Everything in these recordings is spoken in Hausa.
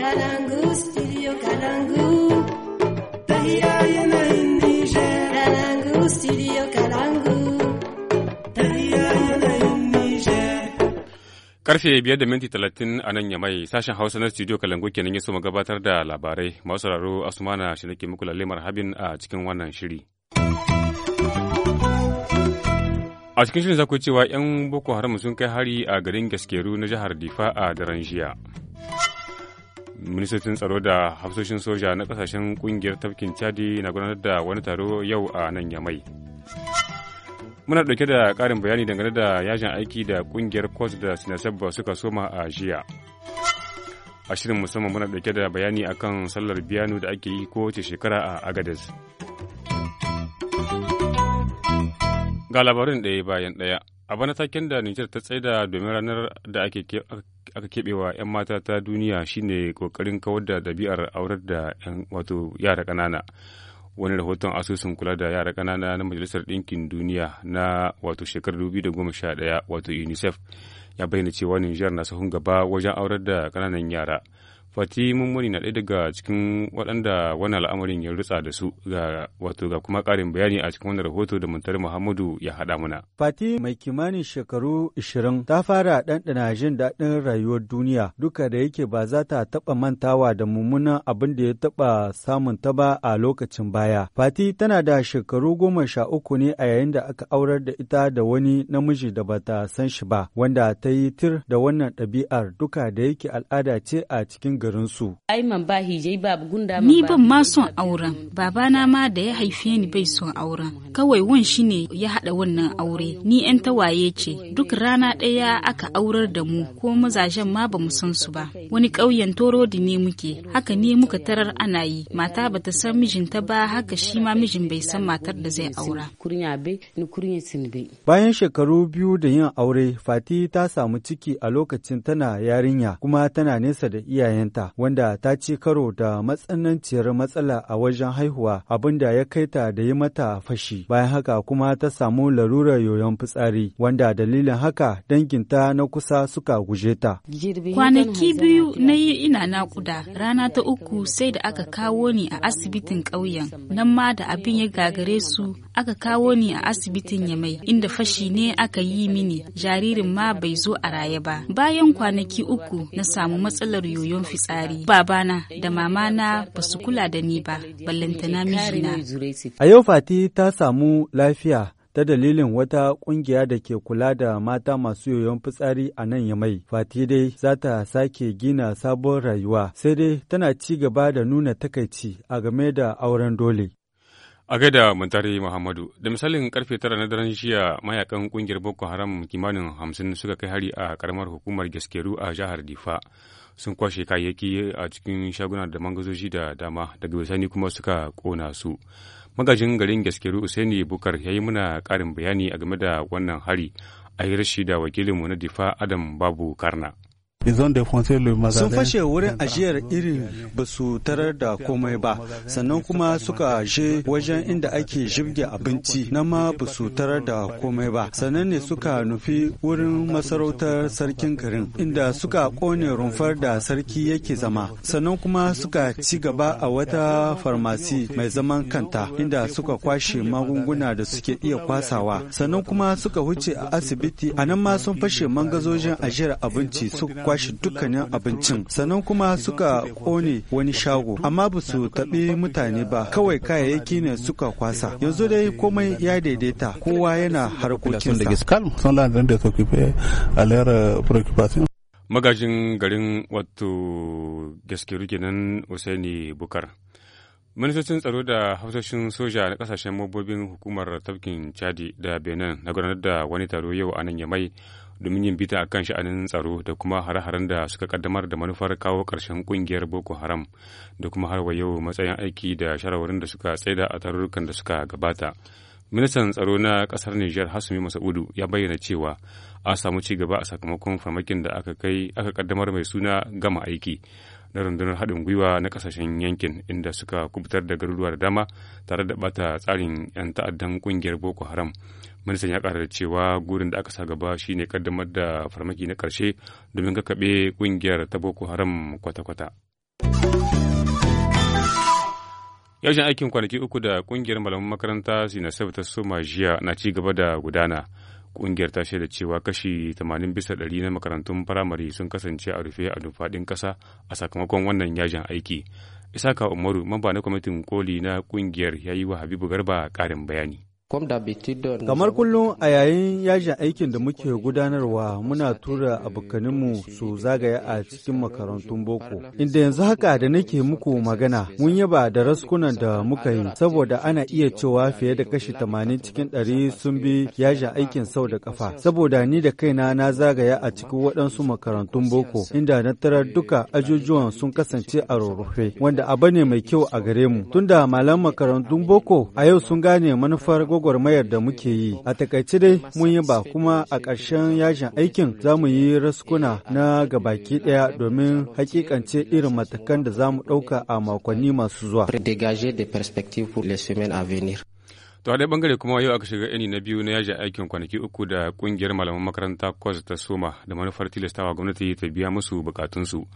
Kalangu, studio Kalangu. Kalangu, studio Kalangu. Karfe biyar da minti talatin a nan yamai sashen Hausa na studio Kalangu kenan ya so gabatar da labarai. Masu sauraro Asumana shi nake muku lalle marhabin a cikin wannan shiri. a cikin shirin za ku cewa 'yan boko haram sun kai hari a garin gaskeru na jihar difa a daren jiya ministocin tsaro da hafsoshin soja na kasashen kungiyar tafkin chadi na gudanar da wani taro yau a nan yamai muna dauke da karin bayani dangane da yajin aiki da kungiyar kwas da sinasabba suka soma a jiya a shirin musamman muna dauke da bayani akan sallar biyanu da ake yi kowace shekara a agadez ga labarin ɗaya bayan ɗaya a bana taken da nijar ta tsaida domin ranar da aka keɓewa 'yan mata ta duniya shine kokarin kawar da dabi'ar aurar da 'yan wato yara ƙanana wani rahoton asusun kula da yara kanana na majalisar ɗinkin duniya na wato shekarar 2011 wato unicef ya bayyana cewa nijar na sahun gaba wajen aurar da kananan yara fati mummuni na ɗaya daga cikin waɗanda wani al'amarin ya rutsa da su ga wato ga kuma ƙarin bayani a cikin wani rahoto da muntar muhammadu ya haɗa muna fati mai kimanin shekaru 20 ta fara ɗanɗana jin daɗin rayuwar duniya duka da yake ba za ta taɓa mantawa da mummunan abin da ya taɓa samun ta ba a lokacin baya fati tana da shekaru goma sha uku ne a yayin da aka aurar da ita da wani namiji da ba ta san shi ba wanda ta yi tir da wannan ɗabi'ar duka da yake al'ada ce a cikin garinsu. Ni ban ma son auren, babana ma da ya haife ni bai son auren. Kawai wan shi ne ya haɗa wannan aure. Ni 'yan tawaye ce, duk rana ɗaya aka aurar da mu ko mazajen ma ba mu san su ba. Wani ƙauyen torodi ne muke, haka ne muka tarar ana yi. Mata ba ta san mijinta ba, haka shi ma mijin bai san matar da zai aura. Bayan shekaru biyu da yin aure, Fati ta samu ciki a lokacin tana yarinya kuma tana nesa da iyayenta. makaranta wanda ta ci karo da matsananciyar matsala a wajen haihuwa abin da ya kai ta da yi mata fashi bayan haka kuma ta samu larurar yoyon fitsari wanda dalilin haka danginta na kusa suka guje ta. Kwanaki biyu na yi ina nakuda rana ta uku sai da aka kawo ni a asibitin ƙauyen nan ma da abin ya gagare su aka kawo ni a asibitin Yamai inda fashi ne aka yi mini jaririn ma bai zo a raya ba. Bayan kwanaki uku na samu matsalar yoyon fitsari. babana da mamana ba su kula da ni ba ballantana mijina a yau fati ta samu lafiya ta dalilin wata kungiya da ke kula da mata masu yoyon fitsari a nan yamai. Fati dai za ta sake gina sabon rayuwa, sai dai tana ci gaba da nuna takaici a game da auren dole. A gaida Muntari Muhammadu, da misalin karfe tara na daren jiya mayakan kungiyar Boko Haram kimanin hamsin suka kai hari a karamar hukumar Gaskeru a jihar Difa. sun kwashe kayayyaki a cikin shaguna da mangazoji da dama daga bisani kuma suka kona su magajin garin gaskeru usaini bukar ya yi muna karin bayani a game da wannan hari a hirar shi da wakilinmu na difa adam babu karna sun fashe wurin ajiyar irin ba su tarar da komai ba sannan kuma suka je wajen inda ake jibge abinci na ma ba su tarar da komai ba sannan ne suka nufi wurin masarautar sarkin garin inda suka kone rumfar da sarki yake zama sannan kuma suka ci gaba a wata farmasi mai zaman kanta inda suka kwashe magunguna da suke iya kwasawa sannan kuma suka huce a asibiti a nan ma sun fashe mangazojin ajiyar abinci su kwashe dukkanin abincin sannan kuma suka kone wani shago amma ba su taɓi mutane ba kawai kayayyaki ne suka kwasa yanzu dai komai ya daidaita kowa yana harkokin euh, magajin garin wato gaskiru kenan usaini bukar ministocin tsaro da hafsoshin soja na kasashen mabobin hukumar tafkin chadi da benin na gudanar da wani taro yau a nan ya mai. domin yin bita a kan sha'anin tsaro da kuma hare-haren da suka kaddamar da manufar kawo ƙarshen ƙungiyar Boko Haram da kuma har wa yau matsayin aiki da shawarwarin da suka tsaida a tarurrukan da suka gabata. Ministan tsaro na ƙasar niger Hasumi Masaudu ya bayyana cewa a samu ci gaba a sakamakon farmakin da aka kai aka kaddamar mai suna gama aiki na rundunar haɗin gwiwa na ƙasashen yankin inda suka kubutar da garuruwa da dama tare da ɓata tsarin 'yan ta'addan ƙungiyar Boko Haram. ministan ya kara da cewa gurin da aka sa gaba shine kaddamar da farmaki na karshe domin kakaɓe kungiyar ta boko haram kwata-kwata yajin aikin kwanaki uku da kungiyar malaman makaranta sinasef ta soma jiya na ci gaba da gudana kungiyar ta shaida cewa kashi 80 bisa ɗari na makarantun firamare sun kasance a rufe a dufaɗin kasa a sakamakon wannan yajin aiki isaka umaru mamba na kwamitin koli na kungiyar ya yi wa habibu garba ƙarin bayani Kamar kullum a yayin yajin aikin da muke gudanarwa muna tura abokaninmu su zagaya a cikin makarantun boko. Inda yanzu haka da nake muku magana mun yaba da raskunan da muka yi saboda ana iya cewa fiye da kashi tamanin cikin ɗari sun bi yajin aikin sau da kafa. Saboda ni da kaina na zagaya a cikin waɗansu makarantun boko inda na tarar duka ajujuwan sun kasance a rurrufe wanda abu ne mai kyau a gare mu. Tunda malam makarantun boko a yau sun gane manufar gwagwarmayar da muke yi. A takaice dai mun yi ba kuma a ƙarshen yajin aikin za mu yi raskuna na ga baki ɗaya domin hakikance irin matakan da za mu ɗauka a makonni masu zuwa. to haɗe bangare kuma yau aka shiga ini na biyu na yajin aikin kwanaki uku da ƙungiyar malaman makaranta kwas ta soma da manufar tilastawa gwamnati ta biya musu bukatunsu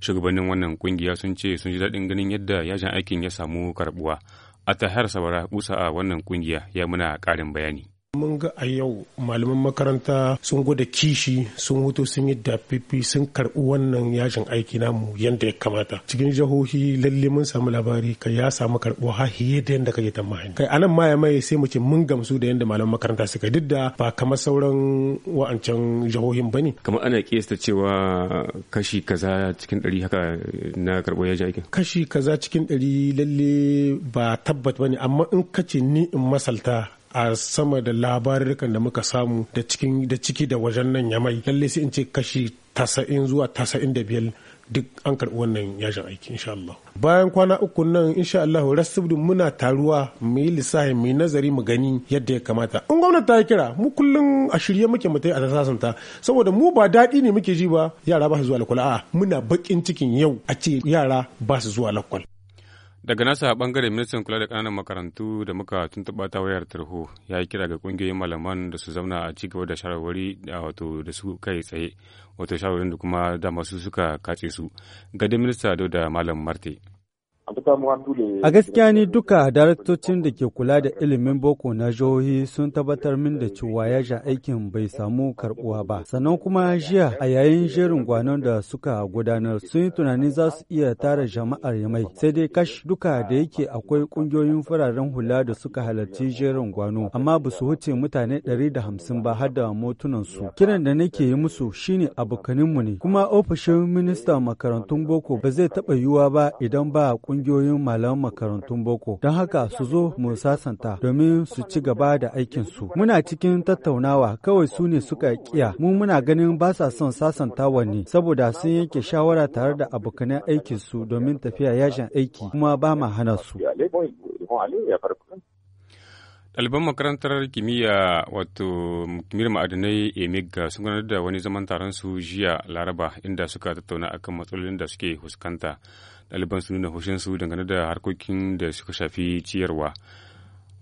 shugabannin wannan ƙungiya sun ce sun ji daɗin ganin yadda yajin aikin ya samu karɓuwa a tahar sabara kusa a wannan kungiya ya muna ƙarin bayani mun ga a yau malaman makaranta sun gwada kishi sun wuto sun yi dafifi sun karɓi wannan yashin aiki namu yadda ya kamata cikin jihohi lalle mun samu labari ka ya samu karɓuwa ha hiye da yadda kake tamahin kai anan ma ya mai sai mu ce mun gamsu da yadda malaman makaranta suka duk da ba kamar sauran wa'ancan jihohin bane kamar ana kiyasta cewa kashi kaza cikin ɗari haka na karɓo yashin aikin kashi kaza cikin ɗari lalle ba tabbat ne amma in ka ce ni in masalta a sama da labarurkan da muka samu da cikin da ciki da wajen nan ya yamai lalle sai in ce kashi tasa'in zuwa tasa'in da biyar duk an karɓi wannan yajin aiki insha Allah. Bayan kwana uku nan insha Allah rasubdu muna taruwa mu yi lissafi mu yi nazari mu gani yadda ya kamata. In gwamnati ta kira mu kullum a shirye muke mu tai a sasanta saboda mu ba daɗi ne muke ji ba yara ba su zuwa lakwal a'a muna bakin cikin yau a ce yara ba su zuwa lakwal. daga nasa bangare ministan kula da kananan makarantu da muka tuntuɓa ta wayar tarho ya yi kira ga ƙungiyoyin malaman da su zauna a cigaba da shawarwari wato da su kai tsaye wato shawarwarin da kuma damasu su suka kace su ga minista da malam marte A gaskiya ni duka daraktocin da ke kula da ilimin boko na jihohi sun tabbatar min da cewa sha aikin bai samu karbuwa ba. Sannan kuma jiya a yayin jerin gwanon da suka gudanar sun yi tunani za su iya tara jama'ar yamai. Sai dai kash duka da yake akwai kungiyoyin fararen hula da suka halarci jerin gwano amma ba su wuce mutane 150 ba har da motunan su. Kiran da nake yi musu shine abokaninmu ne. Kuma ofishin minista makarantun boko ba zai taɓa yiwuwa ba idan ba kungiyoyin ƙungiyoyin malaman makarantun boko don haka su zo mu sasanta domin su ci gaba da aikinsu. Muna cikin tattaunawa kawai su ne suka kiya mu muna ganin ba sa son sasantawa ne saboda sun yanke shawara tare da abokanan aikinsu domin tafiya yashin aiki kuma ba ma hana su. ɗaliban makarantar kimiyya wato kimiyyar ma'adinai emigga sun gudanar da wani zaman taron su jiya laraba inda suka tattauna akan matsalolin da suke fuskanta ɗaliban su nuna su dangane da harkokin da suka shafi ciyarwa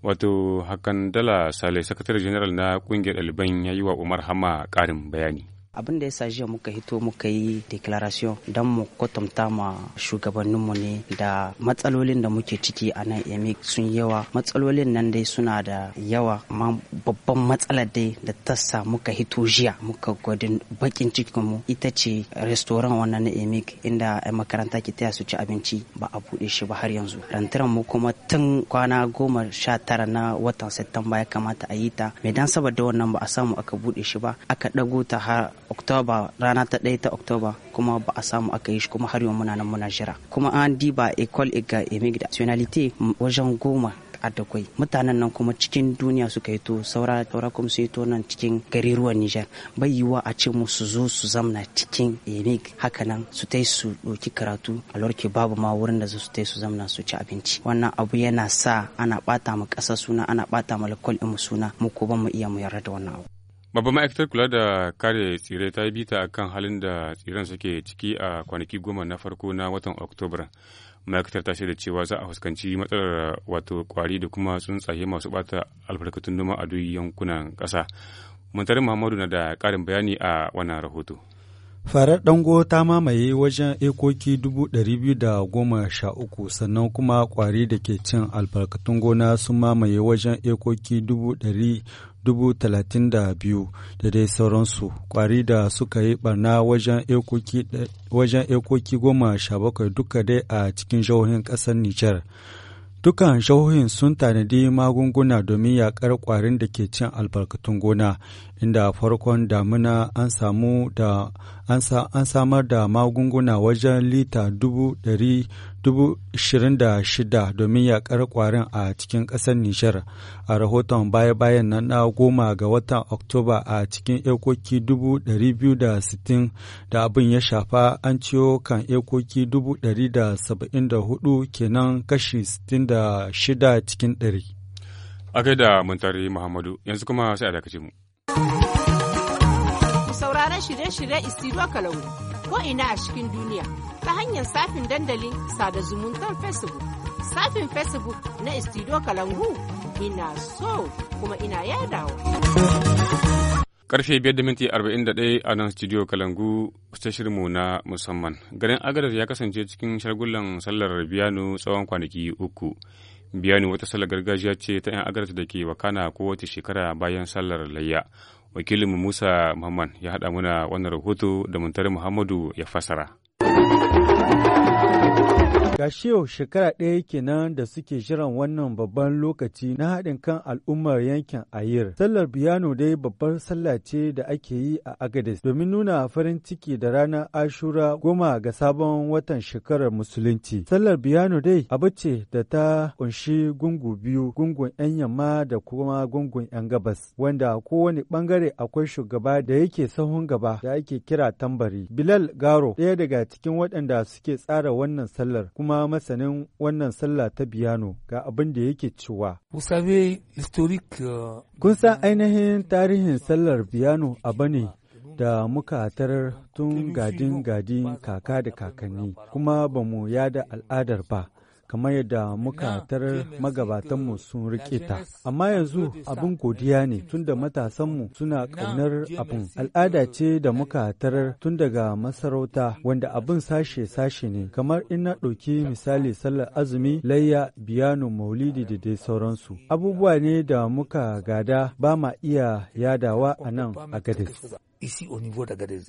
wato hakan dala sale sakatare general na ƙungiyar ɗaliban ya yi wa umar hama ƙarin bayani abin da ya sa jiya muka hito muka yi declaration don mu kwatanta ma shugabanninmu ne da matsalolin da muke ciki a nan emi sun yawa matsalolin nan dai suna da yawa amma babban matsala dai da ta sa muka hito jiya muka gwadin bakin mu. ita ce restoran wannan na emik inda 'yan makaranta ke taya su ci abinci ba a buɗe shi ba har yanzu rantaran mu kuma tun kwana goma sha tara na watan septemba ya kamata a yi ta me dan saboda wannan ba a samu aka buɗe shi ba aka ɗago ta har oktoba rana ta ɗaya ta oktoba kuma ba a samu aka yi shi kuma har yau muna nan muna jira kuma an diba ecole ega emig da nationality wajen goma a adakwai mutanen nan kuma cikin duniya suka yi to saura saura kuma su yi to nan cikin gariruwan Nijar bai yiwa a ce mu su zo su zamna cikin emig haka nan su tai su ɗauki karatu a lorke babu ma wurin da su tai su zamna su ci abinci wannan abu yana sa ana bata mu ƙasa suna ana bata mu lakol mu suna mu ko ba mu iya mu yarda da wannan abu babban ma'aikatar kula da kare tsire ta yi bita akan halin da tsiren suke ciki a kwanaki goma na farko na watan oktoba ma'aikatar ta shaida cewa za a fuskanci matsalar wato kwari da kuma tsuntsaye masu bata albarkatun noma a duk yankunan ƙasa muntarin muhammadu na da ƙarin bayani a wannan rahoto farar dango ta mamaye wajen ekoki uku sannan kuma kwari da ke cin albarkatun gona sun mamaye wajen ekoki dubu talatin da dai sauransu kwari da suka yi barna wajen ekoki goma sha bakwai duka dai a cikin jihohin ƙasar Nijar. Dukan jihohin sun tanadi magunguna domin yaƙar kwarin da ke cin albarkatun gona inda farkon damuna an samu da an samar da magunguna wajen lita dubu ɗari dubu ishirin da shida domin yaƙar ƙwarin a cikin ƙasar Nijar. A rahoton baya-bayan nan na goma ga watan Oktoba a cikin ekoki dubu dari biyu da sittin da abin ya shafa an ciyo kan ekoki dubu dari da saba'in da hudu kenan kashi sittin da shida cikin ɗari. A gaida Muntari Muhammadu yanzu kuma sai a dakace mu. Ku saurara shirye-shirye Isiro Kalangu ko ina a cikin duniya ta hanyar safin dandalin sada zumuntar Facebook. Safin Facebook na Isiro Kalangu ina so kuma ina yadawa. Karfe 5:41 a nan studio Kalangu ta shirmu na musamman. Garin Agadar ya kasance cikin shagulan sallar biyano tsawon kwanaki uku. biyani wata sallar gargajiya ce ta 'yan agarta da ke wakana kowace shekara bayan sallar layya wakilin musa muhammad ya haɗa muna wannan rahoto da muntari muhammadu ya fasara Gashi yau shekara ɗaya kenan da suke jiran wannan babban lokaci na haɗin kan al'ummar yankin Ayir. Sallar biyano dai babbar sallah ce da ake yi a Agadis. domin nuna farin ciki da ranar Ashura goma ga sabon watan shekarar Musulunci. Sallar biyano dai abu ce da ta kunshi gungu biyu, gungun 'yan yamma da kuma gungun 'yan gabas, wanda kowane bangare akwai shugaba da yake sahun gaba da ake kira tambari. Bilal Garo ɗaya daga cikin waɗanda suke tsara wannan sallar kuma kuma masanin wannan sallah ta biyano ga abin da yake cewa. Euh, Kun san ainihin tarihin sallar biyano a ne da muka tarar tun gadin gadin kaka da kakanni kuma ba mu yada al'adar ba kamar yadda muka tarar magabatanmu sun rike ta. Amma yanzu abin godiya ne tunda matasanmu suna ƙaunar abin. Al'ada ce da muka tarar tun daga masarauta wanda abin sashe-sashe ne, kamar in na ɗauki misali sallar azumi, layya, biyano, maulidi da dai sauransu. Abubuwa ne da muka gada ba ma iya yadawa a nan a gadis. isi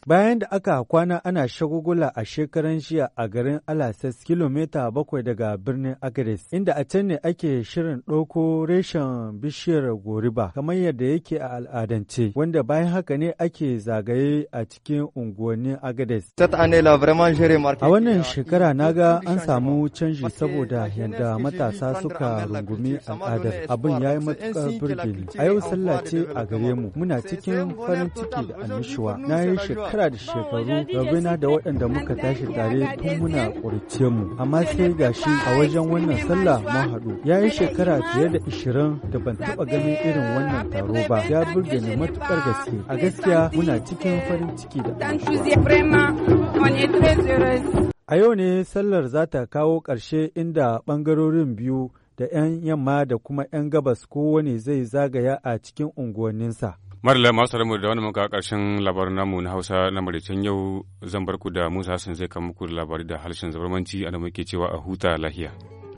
Bayan da aka kwana ana shagugula a shekaran jiya a garin Alases kilomita bakwai daga birnin Agadez inda a can ne ake shirin ɗauko reshen bishiyar goriba kamar yadda yake a al'adance wanda bayan haka ne ake zagaye a cikin unguwannin Agadez. A wannan shekara na ga an samu canji saboda yadda matasa suka rungumi al'adar abin ya yi matuƙar birgini. A yau sallah ce a gare mu muna cikin farin ciki da Joshua na yi shekara da shekaru rabina da waɗanda muka tashi tare tun muna ƙurice mu amma sai gashi a wajen wannan sallah mun haɗu ya yi shekara fiye da ishirin da ban taɓa ganin irin wannan taro ba ya burge ni matuƙar gaske a gaskiya muna cikin farin ciki da a yau ne sallar za ta kawo ƙarshe inda ɓangarorin biyu da 'yan yamma da kuma 'yan gabas kowane zai zagaya a cikin unguwanninsa. Marla masu da wani muka karshen labarin namu na Hausa na Maricen yau zan barku da Musa Hassan zai kama muku labari da harshen zabarmanci a da muke cewa a huta lahiya.